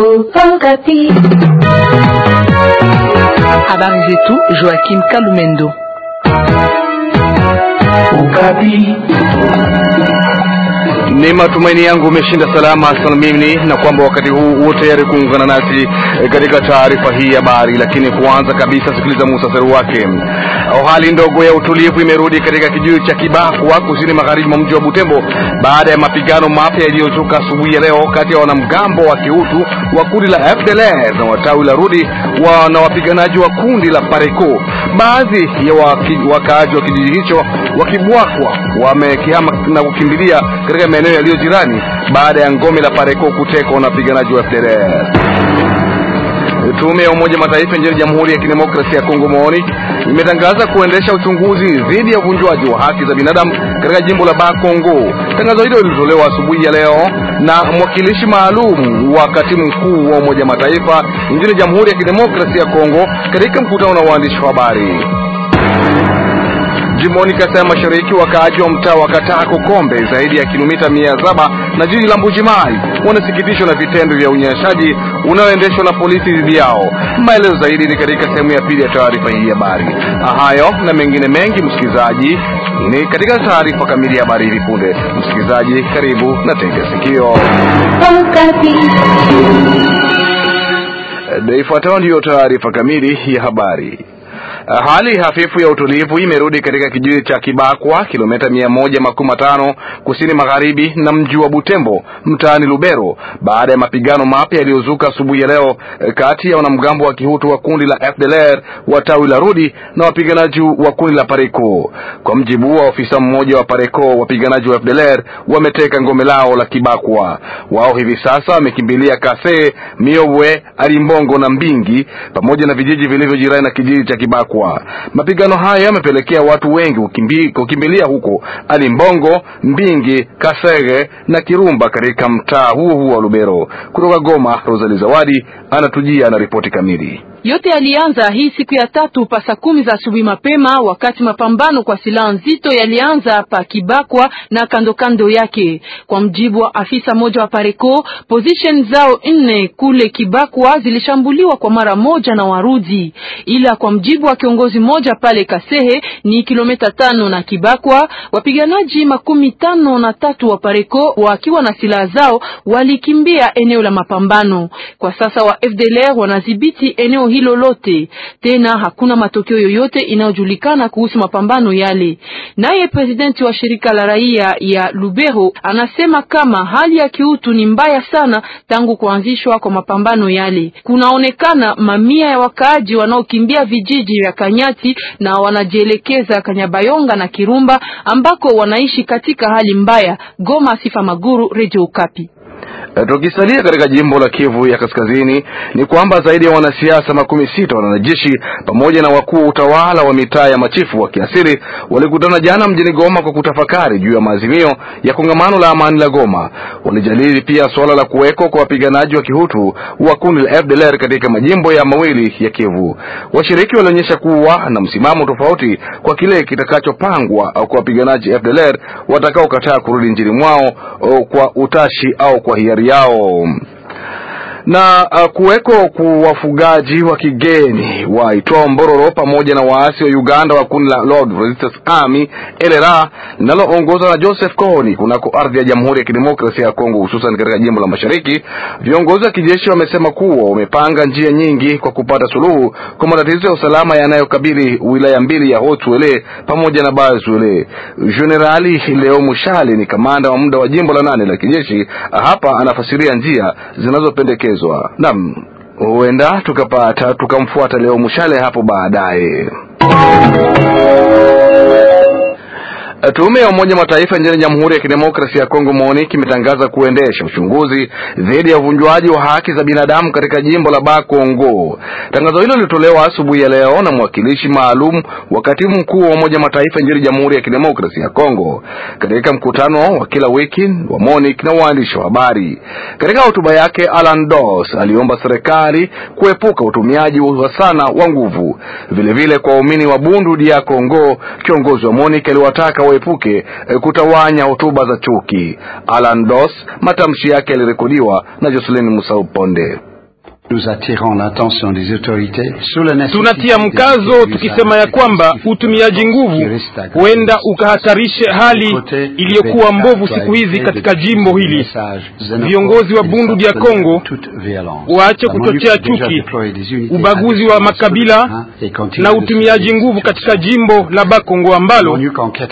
A Habari tout, Joachim Kalumendo. Ni matumaini yangu umeshinda salama salimini, na kwamba wakati huu uko tayari kuungana nasi eh, katika taarifa hii ya habari. Lakini kwanza kabisa, sikiliza muhtasari wake. Hali ndogo ya utulivu imerudi katika kijiji cha Kibakwa kusini magharibi mwa mji wa Butembo baada ya mapigano mapya yaliyozuka asubuhi ya leo kati ya wanamgambo wa kiutu wa kundi la FDLR na watawi la Rudi wa na wapiganaji wa kundi la Pareco. Baadhi ya wakaaji wa kijiji hicho wa Kibakwa wamekihama na kukimbilia katika maeneo yaliyo jirani baada ya ngome la pareko kutekwa na wapiganaji wa FDLR. Tume ya Umoja Mataifa nchini Jamhuri ya Kidemokrasia ya Kongo moni imetangaza kuendesha uchunguzi dhidi ya uvunjwaji wa haki za binadamu katika jimbo la Bakongo. Tangazo hilo lilitolewa asubuhi ya leo na mwakilishi maalum wa katibu mkuu wa Umoja Mataifa nchini Jamhuri ya Kidemokrasia ya Kongo katika mkutano na waandishi wa habari. Jimboni Kasai Mashariki, wakaaji wa mtaa wa Katako Kombe, zaidi ya kilomita mia saba na jiji la Mbujimai, wanasikitishwa na vitendo vya unyanyashaji unaoendeshwa na polisi dhidi yao. Maelezo zaidi ni katika sehemu ya pili ya taarifa hii habari. Hayo na mengine mengi, msikilizaji, ni katika taarifa kamili ya habari hivi punde. Msikilizaji, karibu na tega sikio. Ifuatayo ndiyo taarifa kamili ya habari. Eh, hali hafifu ya utulivu imerudi katika kijiji cha Kibakwa, kilomita mia moja makumi matano kusini magharibi na mji wa Butembo mtaani Lubero, baada ya mapigano mapya yaliyozuka asubuhi ya leo eh, kati ya wanamgambo wa kihutu wa kundi la FDLR wa tawi la Rudi na wapiganaji wa kundi la Pareco. Kwa mjibu wa ofisa mmoja wa Pareko, wapiganaji wa FDLR wameteka ngome lao la Kibakwa. Wao hivi sasa wamekimbilia Kase, miowe Alimbongo na Mbingi pamoja na vijiji vilivyo jirani na kijiji cha Kibakwa kuwa mapigano hayo yamepelekea watu wengi kukimbi, kukimbilia huko Alimbongo, Mbingi, Kasege na Kirumba katika mtaa huo huo wa Lubero. Kutoka Goma, Rosali Zawadi anatujia na ripoti kamili. Yote yalianza hii siku ya tatu pasa kumi za asubuhi mapema, wakati mapambano kwa silaha nzito yalianza pa Kibakwa na kando kando yake. Kwa mjibu wa afisa moja wa Pareco, position zao nne kule Kibakwa zilishambuliwa kwa mara moja na warudi ila kwa mjibu wa kiongozi moja pale Kasehe ni kilomita tano na Kibakwa, wapiganaji makumi tano na tatu wa Pareco wakiwa na silaha zao walikimbia eneo la mapambano. Kwa sasa wa FDLR wanadhibiti eneo hilo lote. Tena hakuna matokeo yoyote inayojulikana kuhusu mapambano yale. Naye presidenti wa shirika la raia ya Lubero anasema kama hali ya kiutu ni mbaya sana tangu kuanzishwa kwa mapambano yale. Kunaonekana mamia ya wakaaji wanaokimbia vijiji vya Kanyati na wanajielekeza Kanyabayonga na Kirumba ambako wanaishi katika hali mbaya. Goma, Sifa Maguru, Radio Okapi. Eh, tukisalia katika jimbo la Kivu ya Kaskazini, ni kwamba zaidi ya wanasiasa makumi sita wanajeshi pamoja na wakuu wa utawala wa mitaa ya machifu wa kiasili walikutana jana mjini Goma kwa kutafakari juu ya maazimio ya kongamano la amani la Goma. Walijadili pia suala la kuwekwa kwa wapiganaji wa kihutu wa kundi la FDLR katika majimbo ya mawili ya Kivu. Washiriki walionyesha kuwa na msimamo tofauti kwa kile kitakachopangwa kwa wapiganaji FDLR watakaokataa kurudi nchini mwao oh, kwa utashi au kwa hiyo ingeniería o na uh, kuweko kwa wafugaji wa kigeni waitwao Mbororo pamoja na waasi wa Uganda wa kundi la Lord Resistance Army LRA linaloongozwa na Joseph Kony kunako ardhi ya Jamhuri ya Kidemokrasia ya Kongo, hususan katika jimbo la Mashariki. Viongozi wa kijeshi wamesema kuwa wamepanga njia nyingi kwa kupata suluhu kwa matatizo ya usalama yanayokabili wilaya mbili ya Hotwele pamoja na bas generali Leo Mushali ni kamanda wa muda wa jimbo la nane la kijeshi, hapa anafasiria njia zinazopendekezwa kuelezwa. Naam, huenda tukapata tukamfuata leo Mushale hapo baadaye. Eh, tume ya Umoja Mataifa nchini Jamhuri ya Kidemokrasia ya Kongo MONUC imetangaza kuendesha uchunguzi dhidi ya uvunjwaji wa haki za binadamu katika jimbo la Bakongo. Tangazo hilo lilitolewa asubuhi ya leo na mwakilishi maalum wa katibu mkuu wa Umoja Mataifa nchini Jamhuri ya Kidemokrasia ya Kongo katika mkutano wa kila wiki wa MONUC na waandishi wa habari. Katika hotuba yake, Alan Doss aliomba serikali kuepuka utumiaji wa sana wa nguvu. Vilevile kwa waumini wa Bundu dia Kongo, kiongozi wa MONUC aliwataka uepuke eh, kutawanya hotuba za chuki. Alan Doss, matamshi yake yalirekodiwa na Joselin Musau Ponde. Tunatia mkazo tukisema ya kwamba utumiaji nguvu huenda ukahatarishe hali iliyokuwa mbovu siku hizi katika jimbo hili. Viongozi wa Bundu dia Kongo waache kuchochea chuki, ubaguzi wa makabila na utumiaji nguvu katika jimbo la Bakongo ambalo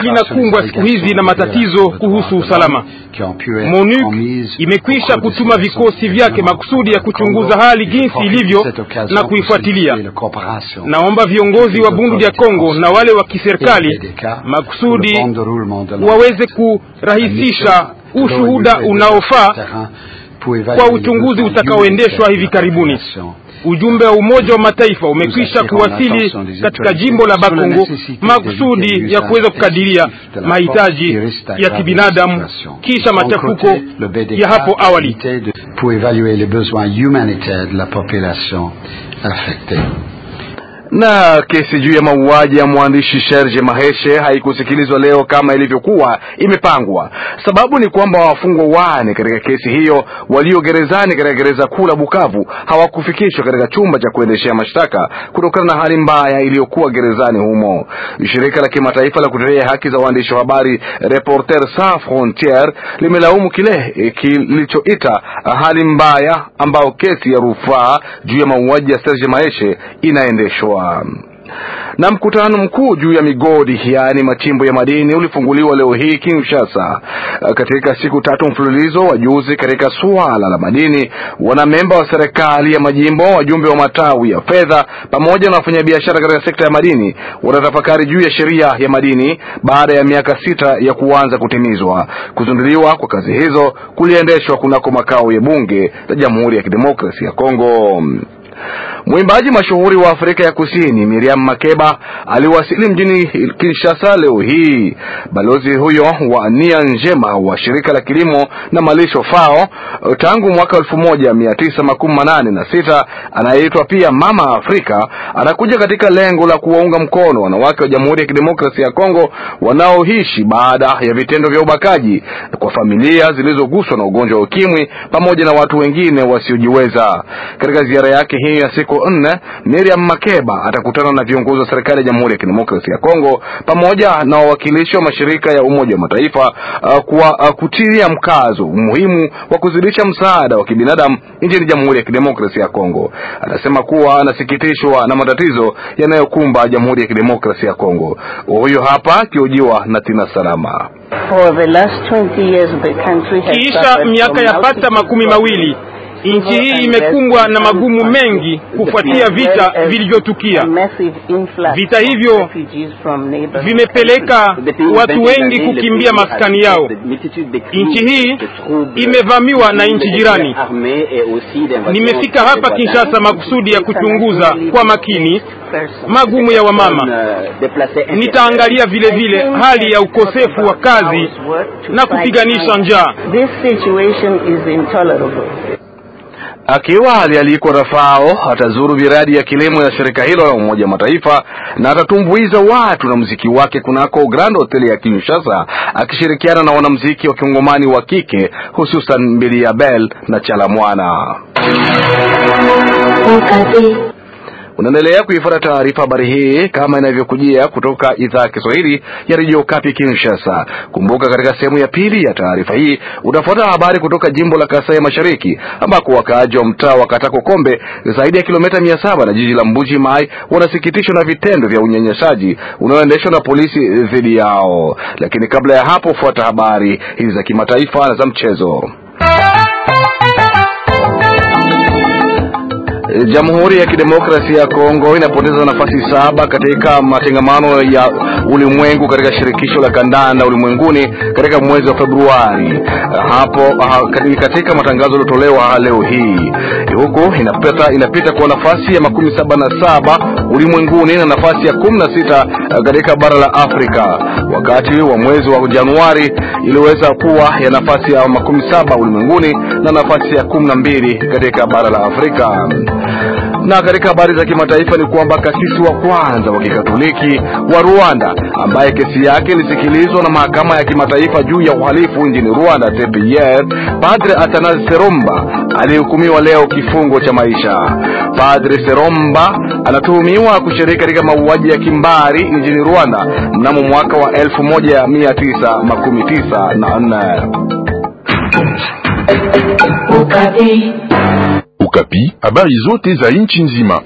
linakumbwa siku hizi na matatizo kuhusu usalama. MONUC imekwisha kutuma vikosi vyake makusudi ya kuchunguza hali jinsi ilivyo na kuifuatilia. Naomba viongozi wa bundu ya Kongo na wale wa kiserikali makusudi waweze kurahisisha ushuhuda unaofaa kwa uchunguzi utakaoendeshwa hivi karibuni. Ujumbe wa Umoja wa Mataifa umekwisha kuwasili katika jimbo la Bakongo makusudi ya kuweza kukadiria mahitaji ya kibinadamu kisha machafuko ya hapo awali. Na kesi juu ya mauaji ya mwandishi Serge Maheshe haikusikilizwa leo kama ilivyokuwa imepangwa. Sababu ni kwamba wafungwa wane katika kesi hiyo walio gerezani katika gereza kuu la Bukavu hawakufikishwa katika chumba cha kuendeshea mashtaka kutokana na hali mbaya iliyokuwa gerezani humo. Shirika la kimataifa la kutetea haki za waandishi wa habari reporter Sans Frontiere limelaumu kile kilichoita hali mbaya ambayo kesi ya rufaa juu ya mauaji ya Serge Maheshe inaendeshwa. Dodoma. Na mkutano mkuu juu ya migodi yaani machimbo ya madini ulifunguliwa leo hii Kinshasa, katika siku tatu mfululizo wa juzi katika suala la madini. Wanamemba wa serikali ya majimbo, wajumbe wa matawi ya fedha, pamoja na wafanyabiashara katika sekta ya madini wanatafakari juu ya sheria ya madini baada ya miaka sita ya kuanza kutimizwa. Kuzinduliwa kwa kazi hizo kuliendeshwa kunako makao ya bunge la Jamhuri ya Kidemokrasia ya Kongo. Mwimbaji mashuhuri wa Afrika ya Kusini Miriam Makeba aliwasili mjini Kinshasa leo hii. Balozi huyo wa nia njema wa shirika la kilimo na malisho FAO tangu mwaka sita anayeitwa pia Mama Afrika anakuja katika lengo la kuwaunga mkono wanawake wa Jamhuri ya Kidemokrasia ya Kongo wanaoishi baada ya vitendo vya ubakaji kwa familia zilizoguswa na ugonjwa wa ukimwi pamoja na watu wengine wasiojiweza. Katika ziara yake hii ya siku nne, Miriam Makeba atakutana na viongozi wa serikali ya Jamhuri ya Kidemokrasia ya Kongo pamoja na wawakilishi wa mashirika ya Umoja wa Mataifa uh, kwa uh, kutilia mkazo umuhimu wa kuzidisha msaada wa kibinadamu nchini Jamhuri ya Kidemokrasia ya Kongo. Anasema kuwa anasikitishwa na matatizo yanayokumba Jamhuri ya Kidemokrasia ya Kongo. Huyo hapa akiojiwa na Tina Salama. Kiisha miaka pata makumi mawili Nchi hii imekumbwa na magumu mengi kufuatia vita vilivyotukia. Vita hivyo vimepeleka watu wengi kukimbia maskani yao. Nchi hii imevamiwa na nchi jirani. Nimefika hapa Kinshasa makusudi ya kuchunguza kwa makini magumu ya wamama. Nitaangalia vile vile hali ya ukosefu wa kazi na kupiganisha njaa. Akiwa alialikwa Rafao atazuru miradi ya kilimo ya shirika hilo la Umoja Mataifa na atatumbuiza watu na mziki wake kunako Grand Hotel ya Kinshasa, akishirikiana na wanamziki wa Kiongomani wa kike hususan Mbili ya Bel na Chalamwana. Unaendelea kuifuata taarifa habari hii kama inavyokujia kutoka idhaa ya Kiswahili ya Radio Kapi Kinshasa. Kumbuka, katika sehemu ya pili ya taarifa hii utafuata habari kutoka jimbo la Kasai Mashariki ambako wakaaji wa mtaa wa Katako Kombe zaidi ya kilomita mia saba na jiji la Mbuji Mai wanasikitishwa na vitendo vya unyanyasaji unaoendeshwa na polisi dhidi yao. Lakini kabla ya hapo, fuata habari hizi za kimataifa na za mchezo. Jamhuri ya Kidemokrasia ya Kongo inapoteza nafasi saba katika matengamano ya ulimwengu katika shirikisho la kandanda ulimwenguni katika mwezi wa Februari. Hapo ni katika matangazo yaliyotolewa leo hii, huku inapita, inapita kwa nafasi ya makumi saba na saba ulimwenguni na nafasi ya kumi na sita eh, katika bara la Afrika. Wakati wa mwezi wa Januari iliweza kuwa ya nafasi ya makumi saba ulimwenguni na nafasi ya kumi na mbili katika bara la Afrika. Na katika habari za kimataifa ni kwamba kasisi wa kwanza wa kikatoliki wa Rwanda ambaye kesi yake ilisikilizwa na mahakama ya kimataifa juu ya uhalifu nchini Rwanda TPIR, Padre Athanase Seromba alihukumiwa leo kifungo cha maisha. Padre Seromba anatuhumiwa kushiriki katika mauaji ya kimbari nchini Rwanda mnamo mwaka wa 1994. Okapi, habari zote za nchi nzima.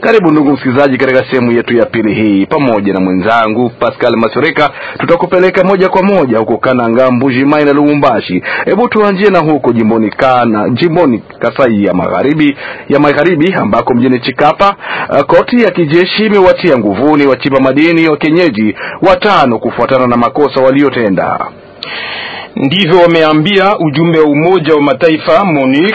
Karibu ndugu msikilizaji, katika sehemu yetu ya pili hii, pamoja na mwenzangu Pascal Masoreka, tutakupeleka moja kwa moja huko Kananga, mbujimai na Lubumbashi. Hebu tuanjie na huko jimboni Kana, jimboni Kasai ya magharibi ya magharibi, ambako mjini Chikapa eh, koti ya kijeshi imewatia nguvuni wachimba madini wa kienyeji watano kufuatana na makosa waliotenda. Ndivyo wameambia ujumbe wa Umoja wa Mataifa MONUC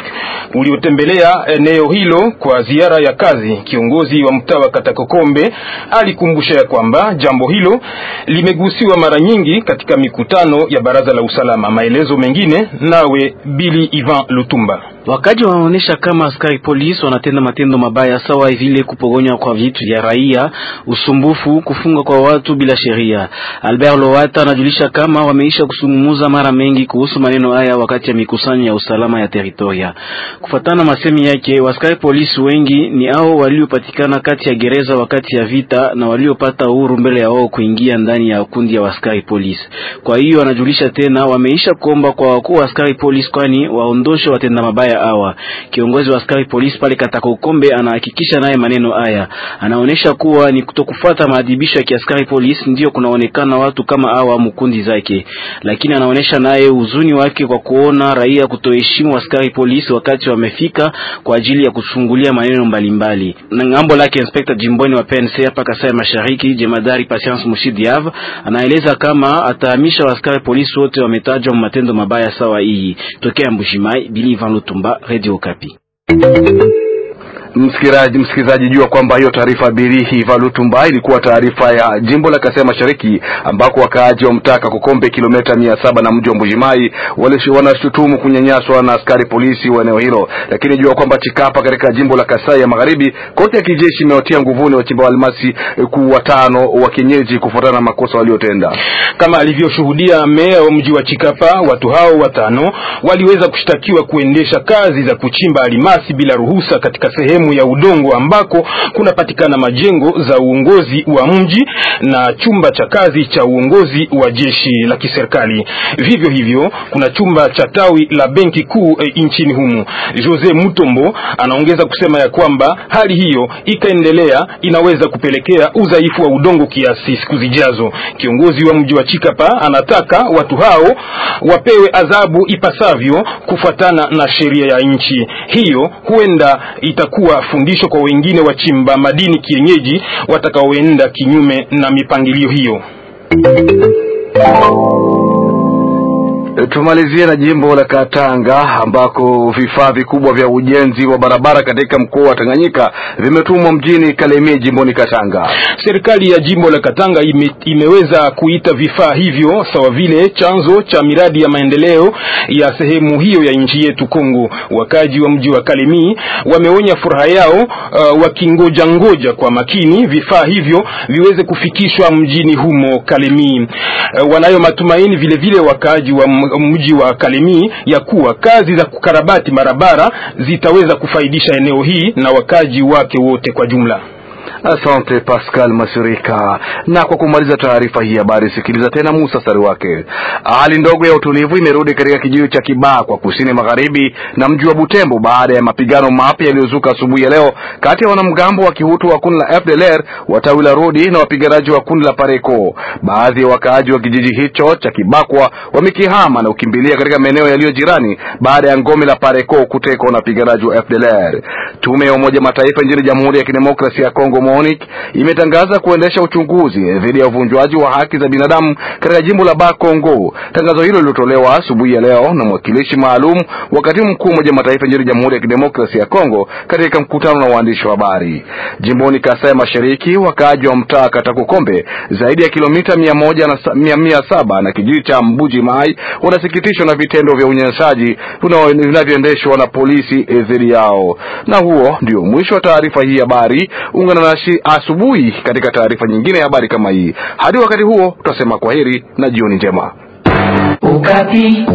uliotembelea eneo hilo kwa ziara ya kazi. Kiongozi wa mtaa wa Katakokombe alikumbusha ya kwamba jambo hilo limegusiwa mara nyingi katika mikutano ya Baraza la Usalama. Maelezo mengine nawe Bili Ivan Lutumba. Wakaji wanaonyesha kama askari polisi wanatenda matendo mabaya sawa vile kupogonywa kwa vitu vya raia, usumbufu, kufunga kwa watu bila sheria. Albert Lowata anajulisha kama wameisha kusungumuza mara mengi kuhusu maneno haya wakati ya mikusanyo ya usalama ya teritoria. Kufatana masemi yake, waskari polisi wengi ni hao waliopatikana kati ya gereza wakati ya vita na waliopata uhuru mbele ya wao kuingia ndani ya kundi ya waskari polisi. Kwa hiyo anajulisha tena wameisha kuomba kwa wakuu wa askari polisi kwani waondoshe watenda mabaya Hidaya Awa. Kiongozi wa askari polisi pale Kataka Ukombe anahakikisha naye maneno haya, anaonyesha kuwa ni kutokufuata maadhibisho ya kiaskari polisi ndio kunaonekana watu kama awa mkundi zake, lakini anaonyesha naye huzuni wake kwa kuona raia kutoheshimu askari polisi wakati wamefika kwa ajili ya kuchungulia maneno mbalimbali. Na ngambo lake inspekta jimboni wa PNC hapa Kasai Mashariki, jemadari Patience Mushidiav anaeleza kama atahamisha askari polisi wote wametajwa matendo mabaya sawa hii tokea Mbushimai Bilivan Lutumba Radio capi msikilizaji, msikilizaji jua kwamba hiyo taarifa birihi valutumba ilikuwa taarifa ya jimbo la Kasea Mashariki ambako wakaaji wa mtaka kukombe kilomita mia saba na mji wa Mbujimai wanashutumu kunyanyaswa na askari polisi wa eneo hilo. Lakini jua kwamba Chikapa katika jimbo la Kasai ya Magharibi, koti ya kijeshi imewatia nguvuni wachimba almasi eh, kuu watano wa kienyeji kufuatana na makosa waliotenda. Kama alivyoshuhudia meya wa mji wa Chikapa, watu hao watano waliweza kushtakiwa kuendesha kazi za kuchimba almasi bila ruhusa katika sehemu sehemu ya udongo ambako kunapatikana majengo za uongozi wa mji na chumba cha kazi cha uongozi wa jeshi la kiserikali. Vivyo hivyo kuna chumba cha tawi la benki kuu e, nchini humu. Jose Mutombo anaongeza kusema ya kwamba hali hiyo ikaendelea inaweza kupelekea udhaifu wa udongo kiasi siku zijazo. Kiongozi wa mji wa Chikapa anataka watu hao wapewe adhabu ipasavyo kufuatana na sheria ya nchi. Hiyo huenda itakuwa kutoa fundisho kwa wengine wachimba madini kienyeji watakaoenda kinyume na mipangilio hiyo. Eh, tumalizie na jimbo la Katanga ambako vifaa vikubwa vya ujenzi wa barabara katika mkoa wa Tanganyika vimetumwa mjini Kalemie jimboni Katanga. Serikali ya jimbo la Katanga ime, imeweza kuita vifaa hivyo sawa vile chanzo cha miradi ya maendeleo ya sehemu hiyo ya nchi yetu Kongo. Wakaji wa mji wa Kalemie wameonya furaha yao, uh, wakingoja ngoja kwa makini vifaa hivyo viweze kufikishwa mjini humo Kalemie. Uh, wanayo matumaini vile vile wakaji wa mji wa kalemi ya kuwa kazi za kukarabati barabara zitaweza kufaidisha eneo hii na wakaji wake wote kwa jumla. Asante Pascal Masirika. Na kwa kumaliza taarifa hii habari, sikiliza tena muhtasari wake. Hali ndogo ya utulivu imerudi katika kijiji cha Kibaa kwa kusini magharibi na mji wa Butembo baada ya mapigano mapya yaliyozuka asubuhi ya leo kati ya wanamgambo wa kihutu wa kundi la FDLR wa tawi la Rudi na wapiganaji wa kundi la Pareko. Baadhi ya wakaaji wa kijiji hicho cha Kibakwa wamekihama na kukimbilia katika maeneo yaliyo jirani baada ya ngome la Pareko kutekwa na wapiganaji wa FDLR. Tume ya Umoja Mataifa nchini Jamhuri ya Kidemokrasia ya Kongo MONUC imetangaza kuendesha uchunguzi dhidi ya uvunjwaji wa haki za binadamu katika jimbo la Bakongo. Tangazo hilo lilotolewa asubuhi ya leo na mwakilishi maalum wa katibu mkuu Umoja wa Mataifa nchini Jamhuri ya Kidemokrasia ya Kongo katika mkutano na waandishi wa habari. Jimboni Kasai Mashariki, wakaaji wa mtaa Katakukombe, zaidi ya kilomita mia moja na mia, mia saba na kijiji cha Mbuji Mai wanasikitishwa na vitendo vya unyanyasaji vinavyoendeshwa na polisi eh, dhidi yao. Na huo ndio mwisho wa taarifa hii habari. Ungana na nasi asubuhi katika taarifa nyingine ya habari kama hii. Hadi wakati huo, tutasema heri na jioni njema. Ukati.